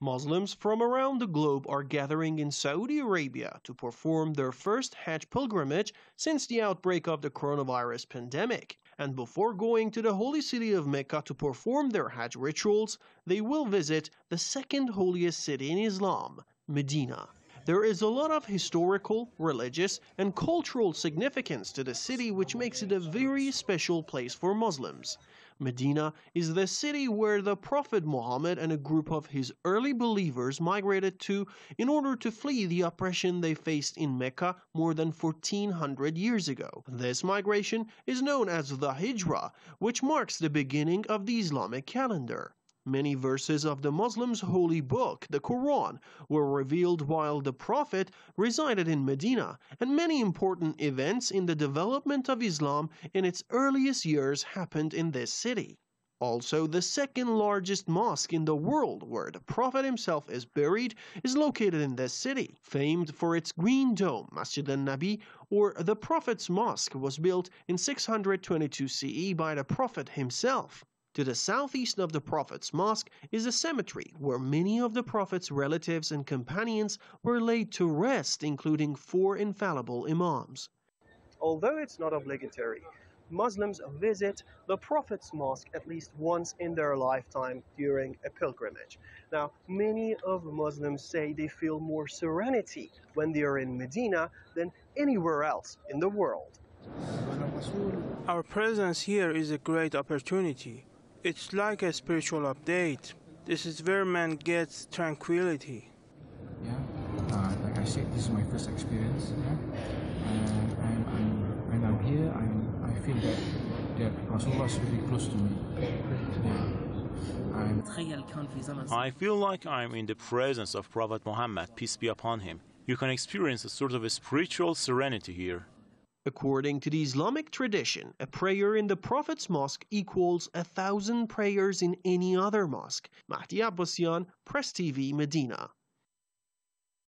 Muslims from around the globe are gathering in Saudi Arabia to perform their first Hajj pilgrimage since the outbreak of the coronavirus pandemic. And before going to the holy city of Mecca to perform their Hajj rituals, they will visit the second holiest city in Islam, Medina. There is a lot of historical, religious, and cultural significance to the city, which makes it a very special place for Muslims. Medina is the city where the Prophet Muhammad and a group of his early believers migrated to in order to flee the oppression they faced in Mecca more than 1400 years ago. This migration is known as the Hijra, which marks the beginning of the Islamic calendar. Many verses of the Muslims' holy book, the Quran, were revealed while the Prophet resided in Medina, and many important events in the development of Islam in its earliest years happened in this city. Also, the second largest mosque in the world, where the Prophet himself is buried, is located in this city. Famed for its green dome, Masjid al Nabi, or the Prophet's Mosque, was built in 622 CE by the Prophet himself. To the southeast of the Prophet's mosque is a cemetery where many of the Prophet's relatives and companions were laid to rest, including four infallible imams. Although it's not obligatory, Muslims visit the Prophet's Mosque at least once in their lifetime during a pilgrimage. Now, many of Muslims say they feel more serenity when they are in Medina than anywhere else in the world. Our presence here is a great opportunity. It's like a spiritual update. This is where man gets tranquility. Yeah, uh, like I said, this is my first experience. Yeah? And I'm, I'm, when I'm here, I'm, I feel that, that Rasulullah is really close to me. Yeah. I feel like I'm in the presence of Prophet Muhammad, peace be upon him. You can experience a sort of a spiritual serenity here. According to the Islamic tradition, a prayer in the Prophet's mosque equals a thousand prayers in any other mosque. Mahdi Abbasian, Press TV, Medina.